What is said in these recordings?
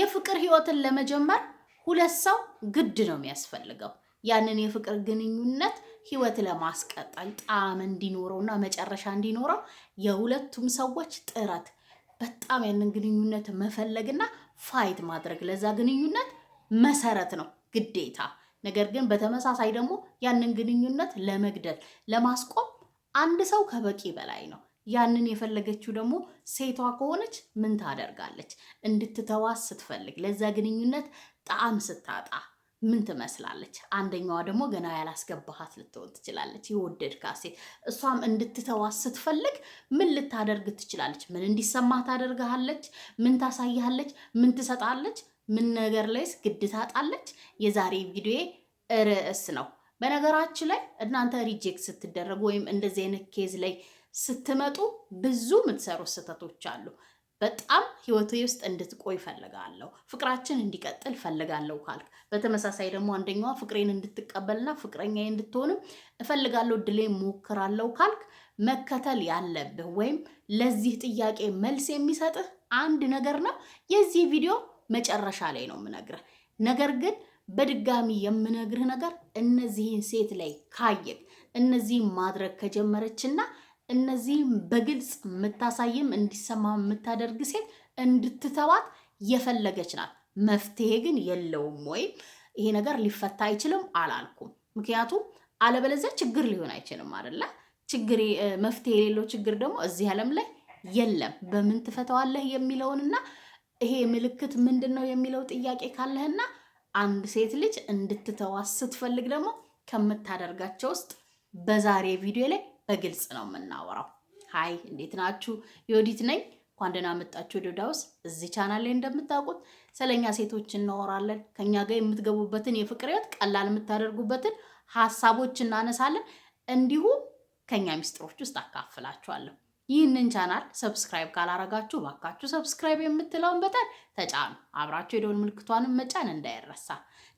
የፍቅር ህይወትን ለመጀመር ሁለት ሰው ግድ ነው የሚያስፈልገው። ያንን የፍቅር ግንኙነት ህይወት ለማስቀጠል ጣዕም እና መጨረሻ እንዲኖረው የሁለቱም ሰዎች ጥረት በጣም ያንን ግንኙነት መፈለግና ፋይት ማድረግ ለዛ ግንኙነት መሰረት ነው ግዴታ። ነገር ግን በተመሳሳይ ደግሞ ያንን ግንኙነት ለመግደል ለማስቆም አንድ ሰው ከበቂ በላይ ነው። ያንን የፈለገችው ደግሞ ሴቷ ከሆነች ምን ታደርጋለች? እንድትተዋ ስትፈልግ ለዛ ግንኙነት ጣዕም ስታጣ ምን ትመስላለች? አንደኛዋ ደግሞ ገና ያላስገባሃት ልትሆን ትችላለች። የወደድካት ሴት እሷም እንድትተዋ ስትፈልግ ምን ልታደርግ ትችላለች? ምን እንዲሰማ ታደርግሃለች? ምን ታሳይሃለች? ምን ትሰጣለች? ምን ነገር ላይስ ግድ ታጣለች? የዛሬ ቪዲዮ ርዕስ ነው። በነገራችን ላይ እናንተ ሪጀክት ስትደረጉ ወይም እንደዚህ አይነት ኬዝ ላይ ስትመጡ ብዙ የምትሰሩ ስህተቶች አሉ። በጣም ህይወቴ ውስጥ እንድትቆይ ፈልጋለሁ፣ ፍቅራችን እንዲቀጥል ፈልጋለሁ ካልክ፣ በተመሳሳይ ደግሞ አንደኛዋ ፍቅሬን እንድትቀበልና ፍቅረኛዬ እንድትሆንም እፈልጋለሁ፣ ድሌ ሞክራለሁ ካልክ መከተል ያለብህ ወይም ለዚህ ጥያቄ መልስ የሚሰጥህ አንድ ነገር ነው። የዚህ ቪዲዮ መጨረሻ ላይ ነው የምነግርህ። ነገር ግን በድጋሚ የምነግርህ ነገር እነዚህን ሴት ላይ ካየህ እነዚህን ማድረግ ከጀመረችና እነዚህም በግልጽ የምታሳይም እንዲሰማ የምታደርግ ሴት እንድትተዋት የፈለገች ናት። መፍትሄ ግን የለውም ወይም ይሄ ነገር ሊፈታ አይችልም አላልኩም። ምክንያቱም አለበለዚያ ችግር ሊሆን አይችልም አደለ? ችግር መፍትሄ የሌለው ችግር ደግሞ እዚህ ዓለም ላይ የለም። በምን ትፈተዋለህ የሚለውንና ይሄ ምልክት ምንድን ነው የሚለው ጥያቄ ካለህና አንድ ሴት ልጅ እንድትተዋ ስትፈልግ ደግሞ ከምታደርጋቸው ውስጥ በዛሬ ቪዲዮ ላይ በግልጽ ነው የምናወራው። ሀይ እንዴት ናችሁ? ዮዲት ነኝ። እንኳን ደህና መጣችሁ ዮድ ዮድ ሃውስ። እዚህ ቻናል ላይ እንደምታውቁት ስለኛ ሴቶች እናወራለን። ከኛ ጋር የምትገቡበትን የፍቅር ህይወት ቀላል የምታደርጉበትን ሀሳቦች እናነሳለን። እንዲሁም ከኛ ሚስጥሮች ውስጥ አካፍላችኋለሁ። ይህንን ቻናል ሰብስክራይብ ካላረጋችሁ ባካችሁ ሰብስክራይብ የምትለውን በተን ተጫኑ። አብራችሁ የደወል ምልክቷንም መጫን እንዳይረሳ።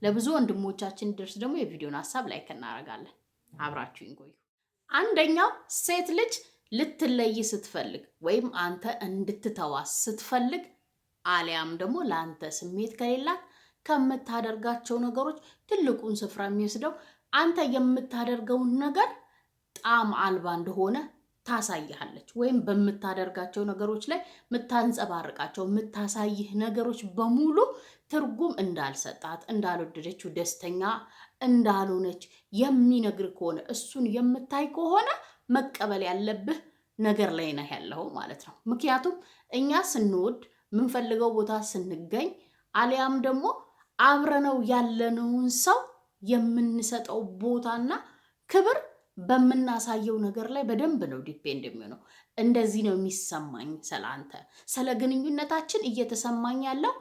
ለብዙ ወንድሞቻችን ድርስ ደግሞ የቪዲዮን ሀሳብ ላይክ እናደርጋለን። አብራችሁ ይቆዩ። አንደኛው ሴት ልጅ ልትለይ ስትፈልግ ወይም አንተ እንድትተዋ ስትፈልግ አሊያም ደግሞ ለአንተ ስሜት ከሌላት ከምታደርጋቸው ነገሮች ትልቁን ስፍራ የሚወስደው አንተ የምታደርገውን ነገር ጣም አልባ እንደሆነ ታሳይሃለች ወይም በምታደርጋቸው ነገሮች ላይ የምታንጸባርቃቸው የምታሳይህ ነገሮች በሙሉ ትርጉም እንዳልሰጣት እንዳልወደደችው ደስተኛ እንዳልሆነች የሚነግር ከሆነ እሱን የምታይ ከሆነ መቀበል ያለብህ ነገር ላይ ነህ ያለው ማለት ነው። ምክንያቱም እኛ ስንወድ የምንፈልገው ቦታ ስንገኝ አሊያም ደግሞ አብረነው ያለነውን ሰው የምንሰጠው ቦታና ክብር በምናሳየው ነገር ላይ በደንብ ነው ዲፔንድ የሚሆነው። እንደዚህ ነው የሚሰማኝ ስለ አንተ፣ ስለ ግንኙነታችን እየተሰማኝ ያለው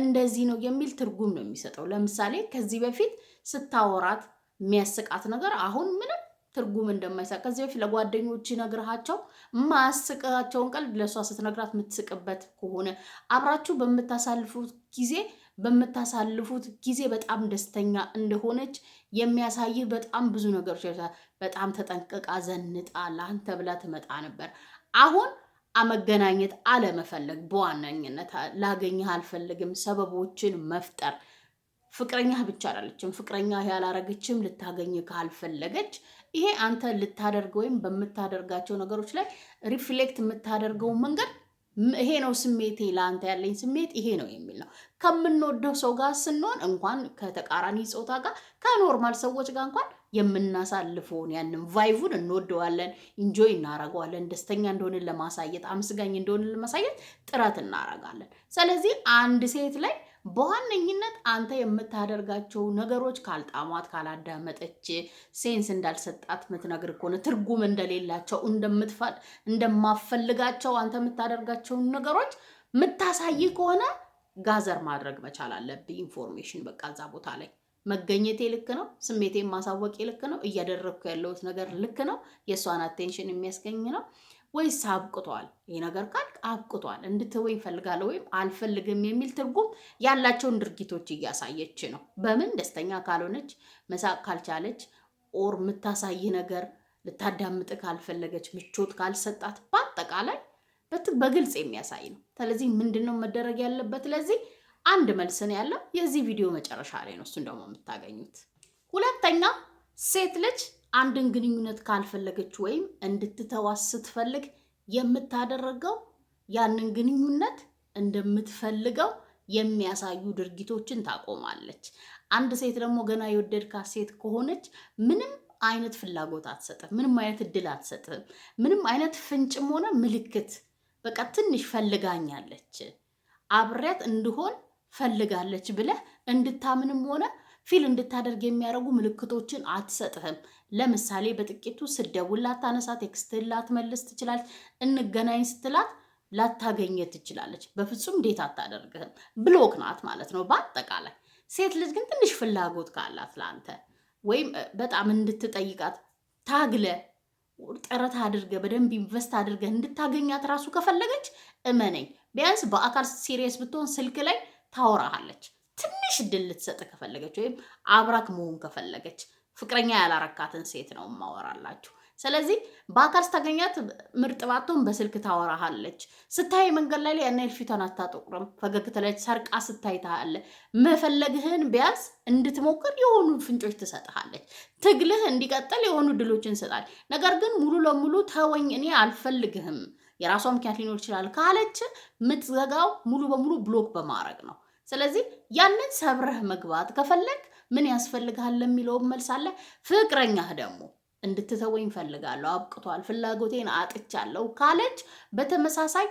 እንደዚህ ነው የሚል ትርጉም ነው የሚሰጠው። ለምሳሌ ከዚህ በፊት ስታወራት የሚያስቃት ነገር አሁን ምንም ትርጉም እንደማይሳ ከዚህ በፊት ለጓደኞች ነግርሃቸው ማስቃቸውን ቀልድ ለእሷ ስትነግራት የምትስቅበት ከሆነ አብራችሁ በምታሳልፉት ጊዜ በምታሳልፉት ጊዜ በጣም ደስተኛ እንደሆነች የሚያሳይህ በጣም ብዙ ነገሮች በጣም ተጠንቅቃ ዘንጣ ለአንተ ብላ ትመጣ ነበር። አሁን አመገናኘት አለመፈለግ በዋናኝነት ላገኘህ አልፈልግም፣ ሰበቦችን መፍጠር ፍቅረኛህ ብቻ አላለችም። ፍቅረኛ ያላረገችም ልታገኝ ካልፈለገች ይሄ አንተ ልታደርግ ወይም በምታደርጋቸው ነገሮች ላይ ሪፍሌክት የምታደርገው መንገድ ይሄ ነው ስሜቴ፣ ለአንተ ያለኝ ስሜት ይሄ ነው የሚል ነው። ከምንወደው ሰው ጋር ስንሆን እንኳን ከተቃራኒ ጾታ ጋር ከኖርማል ሰዎች ጋር እንኳን የምናሳልፈውን ያንን ቫይቡን እንወደዋለን፣ ኢንጆይ እናረገዋለን። ደስተኛ እንደሆንን ለማሳየት አመስጋኝ እንደሆንን ለማሳየት ጥረት እናረጋለን። ስለዚህ አንድ ሴት ላይ በዋነኝነት አንተ የምታደርጋቸው ነገሮች ካልጣሟት፣ ካላዳመጠች፣ ሴንስ እንዳልሰጣት ምትነግር ከሆነ ትርጉም እንደሌላቸው እንደማፈልጋቸው አንተ የምታደርጋቸውን ነገሮች ምታሳይ ከሆነ ጋዘር ማድረግ መቻል አለብህ። ኢንፎርሜሽን በቃ እዛ ቦታ ላይ መገኘቴ ልክ ነው፣ ስሜቴን ማሳወቅ ልክ ነው፣ እያደረግኩ ያለሁት ነገር ልክ ነው፣ የእሷን አቴንሽን የሚያስገኝ ነው ወይስ አብቅቷል? ይህ ነገር ካል አብቅቷል እንድትወኝ እፈልጋለሁ ወይም አልፈልግም የሚል ትርጉም ያላቸውን ድርጊቶች እያሳየች ነው። በምን ደስተኛ ካልሆነች፣ መሳቅ ካልቻለች፣ ኦር የምታሳይ ነገር ልታዳምጥ ካልፈለገች፣ ምቾት ካልሰጣት፣ በአጠቃላይ በግልጽ የሚያሳይ ነው። ስለዚህ ምንድን ነው መደረግ ያለበት? ለዚህ አንድ መልስን ያለው የዚህ ቪዲዮ መጨረሻ ላይ ነው። እሱን ደግሞ የምታገኙት። ሁለተኛ ሴት ልጅ አንድን ግንኙነት ካልፈለገች ወይም እንድትተዋ ስትፈልግ የምታደረገው ያንን ግንኙነት እንደምትፈልገው የሚያሳዩ ድርጊቶችን ታቆማለች። አንድ ሴት ደግሞ ገና የወደድካት ሴት ከሆነች ምንም አይነት ፍላጎት አትሰጥም፣ ምንም አይነት እድል አትሰጥም፣ ምንም አይነት ፍንጭም ሆነ ምልክት። በቃ ትንሽ ፈልጋኛለች፣ አብሬያት እንድሆን ፈልጋለች ብለህ እንድታምንም ሆነ ፊል እንድታደርግ የሚያደርጉ ምልክቶችን አትሰጥህም። ለምሳሌ በጥቂቱ ስደውል ላታነሳ፣ ቴክስትን ላትመልስ ትችላለች። እንገናኝ ስትላት ላታገኘ ትችላለች። በፍጹም እንዴት አታደርግህም። ብሎክ ናት ማለት ነው በአጠቃላይ። ሴት ልጅ ግን ትንሽ ፍላጎት ካላት ለአንተ ወይም በጣም እንድትጠይቃት ታግለ ጥረት አድርገ በደንብ ኢንቨስት አድርገ እንድታገኛት ራሱ ከፈለገች እመነኝ፣ ቢያንስ በአካል ሲሪየስ ብትሆን ስልክ ላይ ታወራሃለች። ትንሽ ድል ልትሰጥ ከፈለገች ወይም አብራክ መሆን ከፈለገች ፍቅረኛ ያላረካትን ሴት ነው ማወራላችሁ። ስለዚህ በአካል ስታገኛት ምርጥ ባትሆን በስልክ ታወራሃለች። ስታይ መንገድ ላይ ያና ፊቷን አታጠቁርም። ፈገግ ትላለች። ሰርቃ ስታይ ታለ መፈለግህን ቢያንስ እንድትሞክር የሆኑ ፍንጮች ትሰጥሃለች። ትግልህ እንዲቀጥል የሆኑ ድሎችን ይሰጣል። ነገር ግን ሙሉ ለሙሉ ተወኝ እኔ አልፈልግህም የራሷ ምክንያት ሊኖር ይችላል ካለች ምትዘጋው ሙሉ በሙሉ ብሎክ በማድረግ ነው። ስለዚህ ያንን ሰብረህ መግባት ከፈለግ ምን ያስፈልግሃል ለሚለውም መልስ አለ። ፍቅረኛህ ደግሞ እንድትተወኝ እፈልጋለሁ፣ አብቅቷል፣ ፍላጎቴን አጥቻለሁ ካለች በተመሳሳይ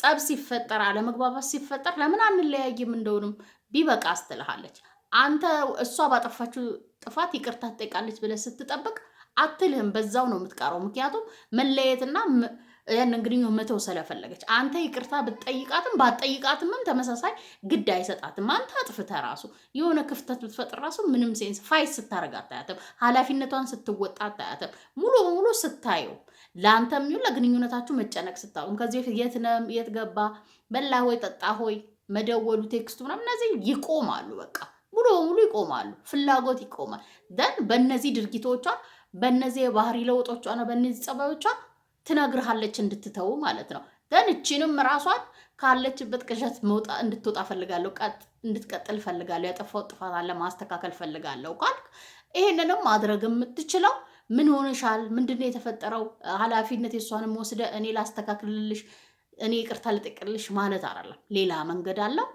ጸብ ሲፈጠር፣ አለመግባባት ሲፈጠር ለምን አንለያይም እንደሆንም ቢበቃ አስትልሃለች። አንተ እሷ ባጠፋችው ጥፋት ይቅርታ ትጠይቃለች ብለህ ስትጠብቅ አትልህም። በዛው ነው የምትቀረው። ምክንያቱም መለየትና ያንን ግንኙነት መተው ስለፈለገች አንተ ይቅርታ ብትጠይቃትም ባትጠይቃትምም ተመሳሳይ ግድ አይሰጣትም። አንተ አጥፍተህ ራሱ የሆነ ክፍተት ብትፈጥር ራሱ ምንም ሴንስ ፋይት ስታደርግ አታያትም። ኃላፊነቷን ስትወጣ አታያትም። ሙሉ በሙሉ ስታየው ለአንተም ይሁን ለግንኙነታችሁ መጨነቅ ስታውም ከዚህ በፊት የት ነህ የት ገባ በላ ሆይ ጠጣ ሆይ መደወሉ ቴክስቱ ምናምን እነዚህ ይቆማሉ። በቃ ሙሉ በሙሉ ይቆማሉ። ፍላጎት ይቆማል። ደን በእነዚህ ድርጊቶቿ በእነዚህ የባህሪ ለውጦቿና በእነዚህ ጸባዮቿ ትነግርሃለች እንድትተው ማለት ነው። ደን እቺንም ራሷን ካለችበት ቅዠት መውጣ እንድትወጣ ፈልጋለሁ፣ እንድትቀጥል ፈልጋለሁ፣ ያጠፋው ጥፋት አለ ማስተካከል ፈልጋለሁ ካልክ ይሄንንም ማድረግ የምትችለው ምን ሆነሻል? ምንድን የተፈጠረው? ኃላፊነት የእሷንም ወስደ እኔ ላስተካክልልሽ፣ እኔ ይቅርታ ልጠቅልልሽ ማለት አይደለም። ሌላ መንገድ አለው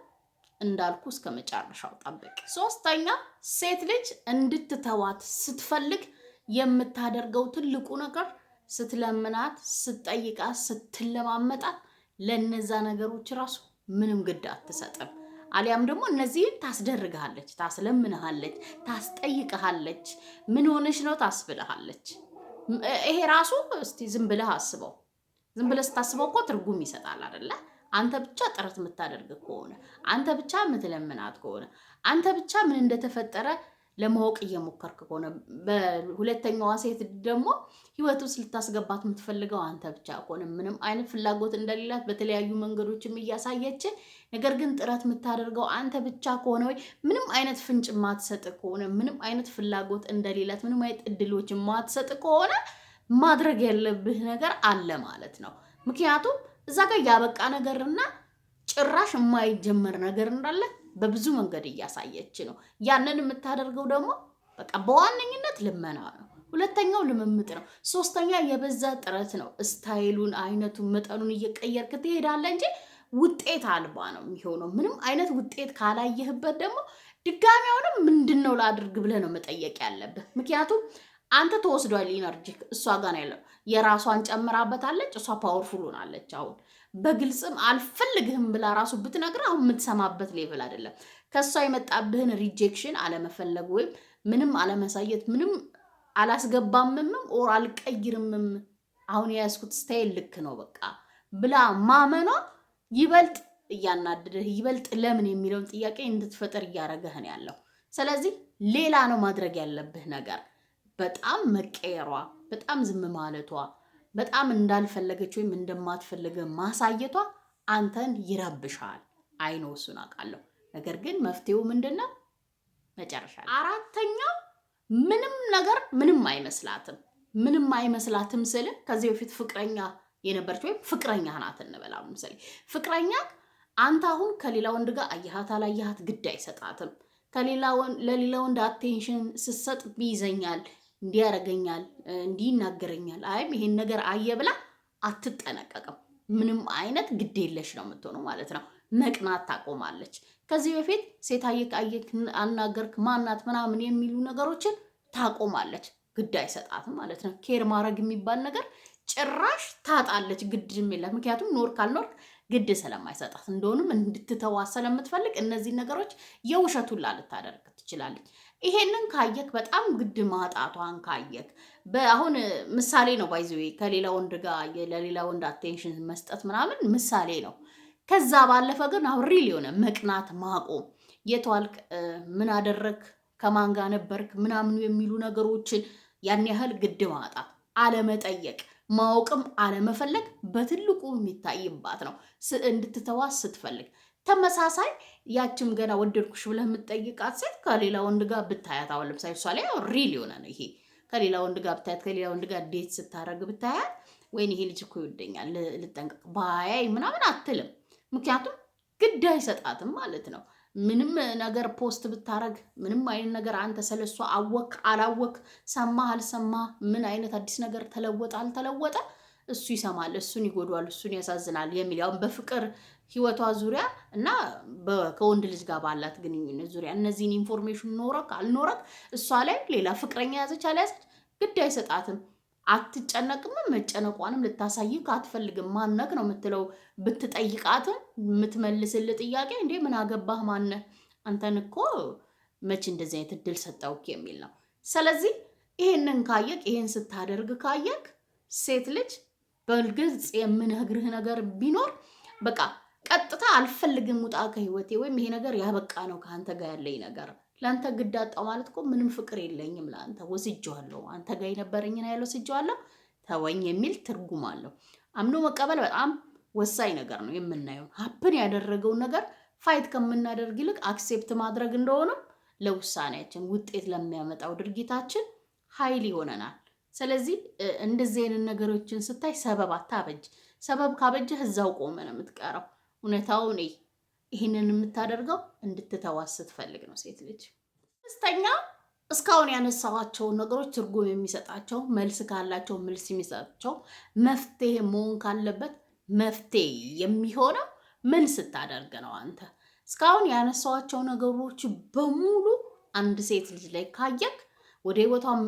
እንዳልኩ እስከ መጨረሻው ጠብቅ። ሶስተኛ ሴት ልጅ እንድትተዋት ስትፈልግ የምታደርገው ትልቁ ነገር ስትለምናት፣ ስትጠይቃት፣ ስትለማመጣት ለነዛ ነገሮች ራሱ ምንም ግድ አትሰጥም። አሊያም ደግሞ እነዚህን ታስደርግሃለች፣ ታስለምንሃለች፣ ታስጠይቅሃለች፣ ምን ሆነሽ ነው ታስብልሃለች። ይሄ ራሱ እስቲ ዝም ብለህ አስበው። ዝም ብለህ ስታስበው እኮ ትርጉም ይሰጣል አደለ? አንተ ብቻ ጥረት የምታደርግ ከሆነ አንተ ብቻ የምትለምናት ከሆነ አንተ ብቻ ምን እንደተፈጠረ ለማወቅ እየሞከርክ ከሆነ በሁለተኛዋ ሴት ደግሞ ህይወት ውስጥ ልታስገባት የምትፈልገው አንተ ብቻ ከሆነ ምንም አይነት ፍላጎት እንደሌላት በተለያዩ መንገዶችም እያሳየች፣ ነገር ግን ጥረት የምታደርገው አንተ ብቻ ከሆነ ወይ ምንም አይነት ፍንጭ ማትሰጥ ከሆነ ምንም አይነት ፍላጎት እንደሌላት ምንም አይነት እድሎች ማትሰጥ ከሆነ ማድረግ ያለብህ ነገር አለ ማለት ነው። ምክንያቱም እዛ ጋር ያበቃ ነገርና ጭራሽ የማይጀመር ነገር እንዳለ በብዙ መንገድ እያሳየች ነው። ያንን የምታደርገው ደግሞ በቃ በዋነኝነት ልመና ነው። ሁለተኛው ልምምጥ ነው። ሶስተኛ የበዛ ጥረት ነው። ስታይሉን፣ አይነቱን፣ መጠኑን እየቀየርክ ትሄዳለህ እንጂ ውጤት አልባ ነው የሚሆነው። ምንም አይነት ውጤት ካላየህበት ደግሞ ድጋሚ አሁንም ምንድን ነው ላድርግ ብለህ ነው መጠየቅ ያለብህ። ምክንያቱም አንተ ተወስዷል ኢነርጂ እሷ ጋር ያለው የራሷን ጨምራበታለች። እሷ ፓወርፉል ሆናለች አሁን በግልጽም አልፈልግህም ብላ ራሱ ብትነግር አሁን የምትሰማበት ሌቭል አይደለም። ከእሷ የመጣብህን ሪጀክሽን አለመፈለግ ወይም ምንም አለመሳየት ምንም አላስገባምምም ኦር አልቀይርምም አሁን የያዝኩት ስታይል ልክ ነው በቃ ብላ ማመኗ ይበልጥ እያናደደህ ይበልጥ ለምን የሚለውን ጥያቄ እንድትፈጥር እያደረገህ ያለው። ስለዚህ ሌላ ነው ማድረግ ያለብህ ነገር በጣም መቀየሯ፣ በጣም ዝም ማለቷ በጣም እንዳልፈለገች ወይም እንደማትፈልገ ማሳየቷ አንተን ይረብሻል። አይኖ እሱን አውቃለሁ። ነገር ግን መፍትሄው ምንድን ነው? መጨረሻ አራተኛው ምንም ነገር ምንም አይመስላትም። ምንም አይመስላትም ስል ከዚህ በፊት ፍቅረኛ የነበረች ወይም ፍቅረኛ ናት እንበላ ምሳሌ ፍቅረኛ አንተ አሁን ከሌላ ወንድ ጋር አየሃት አላየሃት ግድ አይሰጣትም። ከሌላ ለሌላ ወንድ አቴንሽን ስሰጥ ይዘኛል እንዲህ ያደርገኛል፣ እንዲህ ይናገረኛል፣ አይም ይሄን ነገር አየ ብላ አትጠነቀቅም። ምንም አይነት ግድ የለሽ ነው የምትሆነው ማለት ነው። መቅናት ታቆማለች። ከዚህ በፊት ሴት አየክ አየክ አናገርክ ማናት ምናምን የሚሉ ነገሮችን ታቆማለች። ግድ አይሰጣትም ማለት ነው። ኬር ማድረግ የሚባል ነገር ጭራሽ ታጣለች። ግድ የሚለ ምክንያቱም ኖር ካልኖርክ ግድ ስለማይሰጣት እንደሆኑም እንድትተዋ ስለምትፈልግ እነዚህ ነገሮች የውሸቱን ላልታደርግ ትችላለች። ይሄንን ካየክ በጣም ግድ ማጣቷን ካየክ በአሁን ምሳሌ ነው ባይዘ ከሌላ ወንድ ጋር ለሌላ ወንድ አቴንሽን መስጠት ምናምን ምሳሌ ነው። ከዛ ባለፈ ግን አሁን ሪል የሆነ መቅናት ማቆም የተዋልክ ምን አደረግ፣ ከማን ጋር ነበርክ ምናምኑ የሚሉ ነገሮችን ያን ያህል ግድ ማጣት አለመጠየቅ ማወቅም አለመፈለግ በትልቁ የሚታይባት ነው። እንድትተዋ ስትፈልግ ተመሳሳይ ያችም ገና ወደድኩሽ ብለህ የምትጠይቃት ሴት ከሌላ ወንድ ጋር ብታያት፣ አሁን ለምሳሌ እሷ ላይ ሪል የሆነ ነው ይሄ ከሌላ ወንድ ጋር ብታያት፣ ከሌላ ወንድ ጋር ዴት ስታደርግ ብታያት፣ ወይን ይሄ ልጅ እኮ ይወደኛል ልጠንቀቅ ባያይ ምናምን አትልም። ምክንያቱም ግድ አይሰጣትም ማለት ነው። ምንም ነገር ፖስት ብታረግ ምንም አይነት ነገር አንተ ስለሷ አወክ አላወክ፣ ሰማ አልሰማ ምን አይነት አዲስ ነገር ተለወጠ አልተለወጠ እሱ ይሰማል፣ እሱን ይጎዷል፣ እሱን ያሳዝናል የሚል ያውን በፍቅር ህይወቷ ዙሪያ እና ከወንድ ልጅ ጋር ባላት ግንኙነት ዙሪያ እነዚህን ኢንፎርሜሽን ኖረክ አልኖረክ እሷ ላይ ሌላ ፍቅረኛ ያዘች አልያዘች ግድ አይሰጣትም። አትጨነቅም። መጨነቋንም ልታሳይ አትፈልግም። ማነክ ነው የምትለው። ብትጠይቃትም የምትመልስል ጥያቄ እንዴ ምን አገባህ ማነ አንተን እኮ መች እንደዚህ አይነት እድል ሰጠውክ የሚል ነው። ስለዚህ ይሄንን ካየክ ይሄን ስታደርግ ካየክ ሴት ልጅ በግልጽ የምነግርህ ነገር ቢኖር በቃ ቀጥታ አልፈልግም፣ ውጣ ከህይወቴ፣ ወይም ይሄ ነገር ያበቃ ነው ከአንተ ጋር ያለኝ ነገር ለአንተ ግድ አጣው ማለት እኮ ምንም ፍቅር የለኝም ለአንተ፣ ወስጄዋለሁ፣ አንተ ጋር የነበረኝን ያህል ወስጄዋለሁ፣ ተወኝ የሚል ትርጉም አለው። አምኖ መቀበል በጣም ወሳኝ ነገር ነው። የምናየው ሀፕን ያደረገውን ነገር ፋይት ከምናደርግ ይልቅ አክሴፕት ማድረግ እንደሆነም ለውሳኔያችን ውጤት ለሚያመጣው ድርጊታችን ኃይል ይሆነናል። ስለዚህ እንደዚህ አይነት ነገሮችን ስታይ ሰበብ አታበጅ። ሰበብ ካበጀህ እዛው ቆመ ነው የምትቀረው። እውነታው እኔ ይህንን የምታደርገው እንድትተዋት ስትፈልግ ነው ሴት ልጅ። አምስተኛ እስካሁን ያነሳኋቸውን ነገሮች ትርጉም የሚሰጣቸው መልስ ካላቸው መልስ የሚሰጣቸው መፍትሄ መሆን ካለበት መፍትሄ የሚሆነው ምን ስታደርግ ነው? አንተ እስካሁን ያነሳኋቸው ነገሮች በሙሉ አንድ ሴት ልጅ ላይ ካየክ ወደ ህይወቷም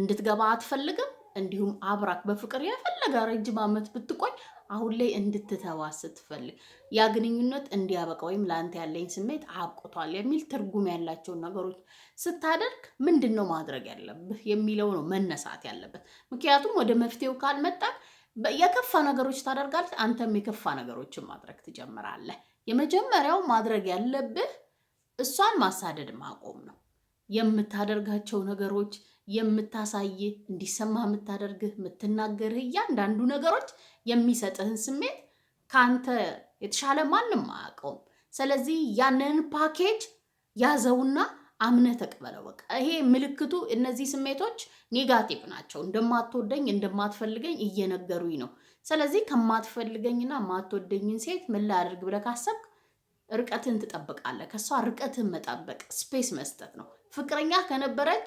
እንድትገባ አትፈልግም። እንዲሁም አብራክ በፍቅር የፈለገ ረጅም ዓመት ብትቆይ አሁን ላይ እንድትተዋ ስትፈልግ ያ ግንኙነት እንዲያበቃ ወይም ለአንተ ያለኝ ስሜት አብቅቷል የሚል ትርጉም ያላቸውን ነገሮች ስታደርግ ምንድን ነው ማድረግ ያለብህ የሚለው ነው መነሳት ያለበት። ምክንያቱም ወደ መፍትሄው ካልመጣ የከፋ ነገሮች ታደርጋለህ፣ አንተም የከፋ ነገሮችን ማድረግ ትጀምራለህ። የመጀመሪያው ማድረግ ያለብህ እሷን ማሳደድ ማቆም ነው። የምታደርጋቸው ነገሮች የምታሳይህ እንዲሰማ የምታደርግህ የምትናገርህ እያንዳንዱ ነገሮች የሚሰጥህን ስሜት ከአንተ የተሻለ ማንም አያውቀውም። ስለዚህ ያንን ፓኬጅ ያዘውና አምነህ ተቀበለው። በቃ ይሄ ምልክቱ፣ እነዚህ ስሜቶች ኔጋቲቭ ናቸው፣ እንደማትወደኝ እንደማትፈልገኝ እየነገሩኝ ነው። ስለዚህ ከማትፈልገኝና ማትወደኝን ሴት ምን ላድርግ ብለህ ካሰብክ ርቀትን ትጠብቃለህ። ከእሷ ርቀትን መጠበቅ ስፔስ መስጠት ነው። ፍቅረኛ ከነበረች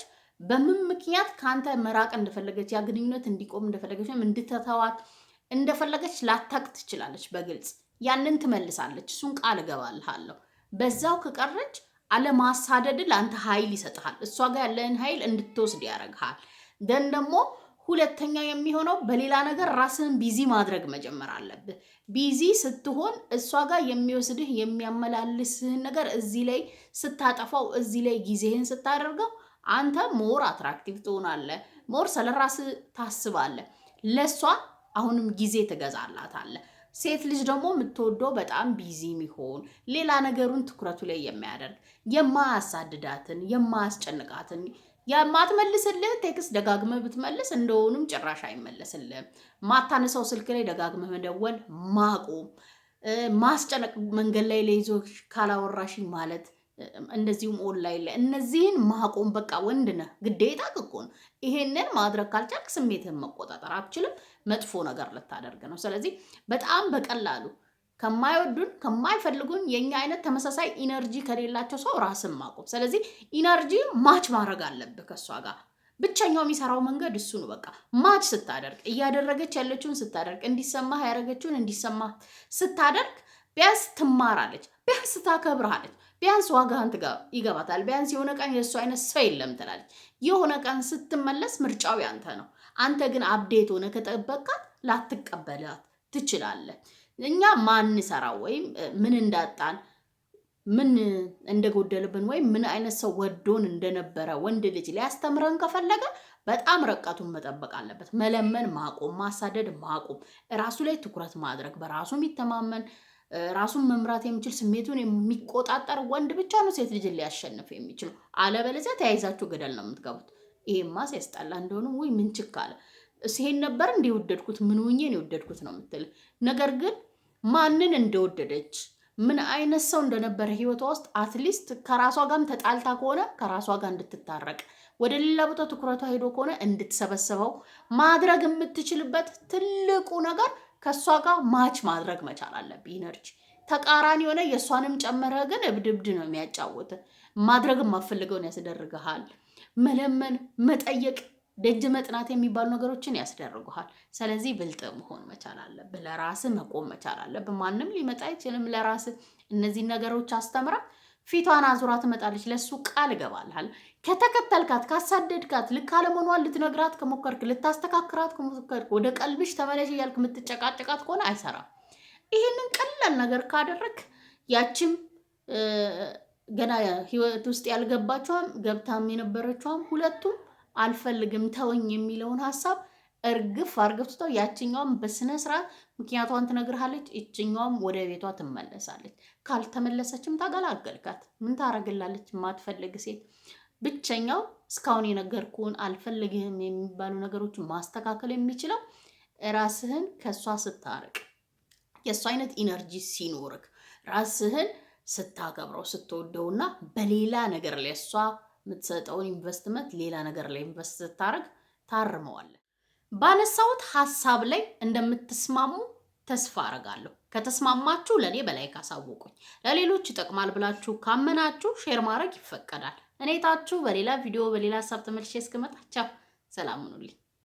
በምን ምክንያት ከአንተ መራቅ እንደፈለገች ያ ግንኙነት እንዲቆም እንደፈለገች ወይም እንድትተዋት እንደፈለገች ላታቅ ትችላለች። በግልጽ ያንን ትመልሳለች። እሱን ቃል እገባልሃለሁ። በዛው ከቀረች አለማሳደድ ለአንተ ኃይል ይሰጥሃል። እሷ ጋር ያለህን ኃይል እንድትወስድ ያደርግሃል። ደን ደግሞ ሁለተኛው የሚሆነው በሌላ ነገር ራስህን ቢዚ ማድረግ መጀመር አለብህ። ቢዚ ስትሆን እሷ ጋር የሚወስድህ የሚያመላልስህን ነገር እዚህ ላይ ስታጠፋው፣ እዚህ ላይ ጊዜህን ስታደርገው አንተ ሞር አትራክቲቭ ትሆናለህ። ሞር ስለ ራስህ ታስባለህ። ለእሷ አሁንም ጊዜ ትገዛላታለህ። ሴት ልጅ ደግሞ የምትወደው በጣም ቢዚ የሚሆን ሌላ ነገሩን ትኩረቱ ላይ የሚያደርግ የማያሳድዳትን፣ የማያስጨንቃትን የማትመልስልህ ቴክስት ደጋግመህ ብትመልስ እንደሆኑም ጭራሽ አይመለስልህም። ማታነሳው ስልክ ላይ ደጋግመህ መደወል ማቆም፣ ማስጨነቅ፣ መንገድ ላይ ለይዞ ካላወራሽኝ ማለት እንደዚሁም ኦንላይን ላይ እነዚህን ማቆም በቃ ወንድ ነህ ግዴታ እኮ ነው። ይሄንን ማድረግ ካልቻልክ ስሜትህን መቆጣጠር አትችልም። መጥፎ ነገር ልታደርግ ነው። ስለዚህ በጣም በቀላሉ ከማይወዱን ከማይፈልጉን የኛ አይነት ተመሳሳይ ኢነርጂ ከሌላቸው ሰው ራስን ማቆም። ስለዚህ ኢነርጂ ማች ማድረግ አለብህ ከእሷ ጋር። ብቸኛው የሚሰራው መንገድ እሱ ነው። በቃ ማች ስታደርግ እያደረገች ያለችውን ስታደርግ እንዲሰማህ ያደረገችውን እንዲሰማህ ስታደርግ ቢያንስ ትማራለች፣ ቢያንስ ታከብርሃለች። ቢያንስ ዋጋህን ይገባታል። ቢያንስ የሆነ ቀን የእሱ አይነት ሰው የለም ትላለች። የሆነ ቀን ስትመለስ ምርጫው ያንተ ነው። አንተ ግን አብዴት ሆነ ከጠበቃት ላትቀበላት ትችላለህ። እኛ ማን ሰራ ወይም ምን እንዳጣን ምን እንደጎደልብን ወይም ምን አይነት ሰው ወዶን እንደነበረ ወንድ ልጅ ሊያስተምረን ከፈለገ በጣም ረቀቱን መጠበቅ አለበት። መለመን ማቆም፣ ማሳደድ ማቆም፣ ራሱ ላይ ትኩረት ማድረግ፣ በራሱ የሚተማመን ራሱን መምራት የሚችል ስሜቱን የሚቆጣጠር ወንድ ብቻ ነው ሴት ልጅ ሊያሸንፍ የሚችለው። አለበለዚያ ተያይዛችሁ ገደል ነው የምትገቡት። ይሄማ ሲያስጠላ እንደሆነ ወይ ምን ችክ አለ ሲሄን ነበር እንደ የወደድኩት ምን ውኜን የወደድኩት ነው የምትል ነገር ግን ማንን እንደወደደች ምን አይነት ሰው እንደነበረ ህይወቷ ውስጥ አትሊስት ከራሷ ጋርም ተጣልታ ከሆነ ከራሷ ጋር እንድትታረቅ ወደ ሌላ ቦታ ትኩረቷ ሄዶ ከሆነ እንድትሰበስበው ማድረግ የምትችልበት ትልቁ ነገር ከእሷ ጋር ማች ማድረግ መቻል አለብህ። ኢነርጂ ተቃራኒ የሆነ የእሷንም ጨመረ ግን እብድ እብድ ነው የሚያጫወት። ማድረግ የማፈልገውን ያስደርግሃል። መለመን፣ መጠየቅ፣ ደጅ መጥናት የሚባሉ ነገሮችን ያስደርጉሃል። ስለዚህ ብልጥ መሆን መቻል አለብህ። ለራስህ መቆም መቻል አለብህ። ማንም ሊመጣ አይችልም። ለራስህ እነዚህን ነገሮች አስተምራ ፊቷን አዙራ ትመጣለች። ለሱ ቃል እገባልሃል። ከተከተልካት፣ ካሳደድካት፣ ልክ አለመሆኗን ልትነግራት ከሞከርክ፣ ልታስተካክራት ከሞከርክ፣ ወደ ቀልብሽ ተመለሽ እያልክ የምትጨቃጨቃት ከሆነ አይሰራም። ይህንን ቀላል ነገር ካደረግ ያችም ገና ህይወት ውስጥ ያልገባቸዋም ገብታም የነበረችዋም ሁለቱም አልፈልግም ተወኝ የሚለውን ሀሳብ እርግፍ አርግፍትተው ያችኛውም በስነ ስርዓት ምክንያቷን ትነግርሃለች፣ እችኛውም ወደ ቤቷ ትመለሳለች። ካልተመለሰችም ታገላገልካት። ምን ታረግላለች? የማትፈልግ ሴት ብቸኛው እስካሁን የነገርኩን አልፈልግህም የሚባሉ ነገሮች ማስተካከል የሚችለው ራስህን ከእሷ ስታርቅ፣ የእሷ አይነት ኢነርጂ ሲኖርክ፣ ራስህን ስታከብረው፣ ስትወደውና በሌላ ነገር ላይ እሷ የምትሰጠውን ኢንቨስትመንት ሌላ ነገር ላይ ኢንቨስት ስታርግ ታርመዋለን። ባነሳሁት ሀሳብ ላይ እንደምትስማሙ ተስፋ አረጋለሁ። ከተስማማችሁ ለእኔ በላይ ካሳወቁኝ ለሌሎች ይጠቅማል ብላችሁ ካመናችሁ ሼር ማድረግ ይፈቀዳል። እኔታችሁ በሌላ ቪዲዮ በሌላ ሀሳብ ተመልሼ እስክመጣ ቻው፣ ሰላም ሁኑልኝ።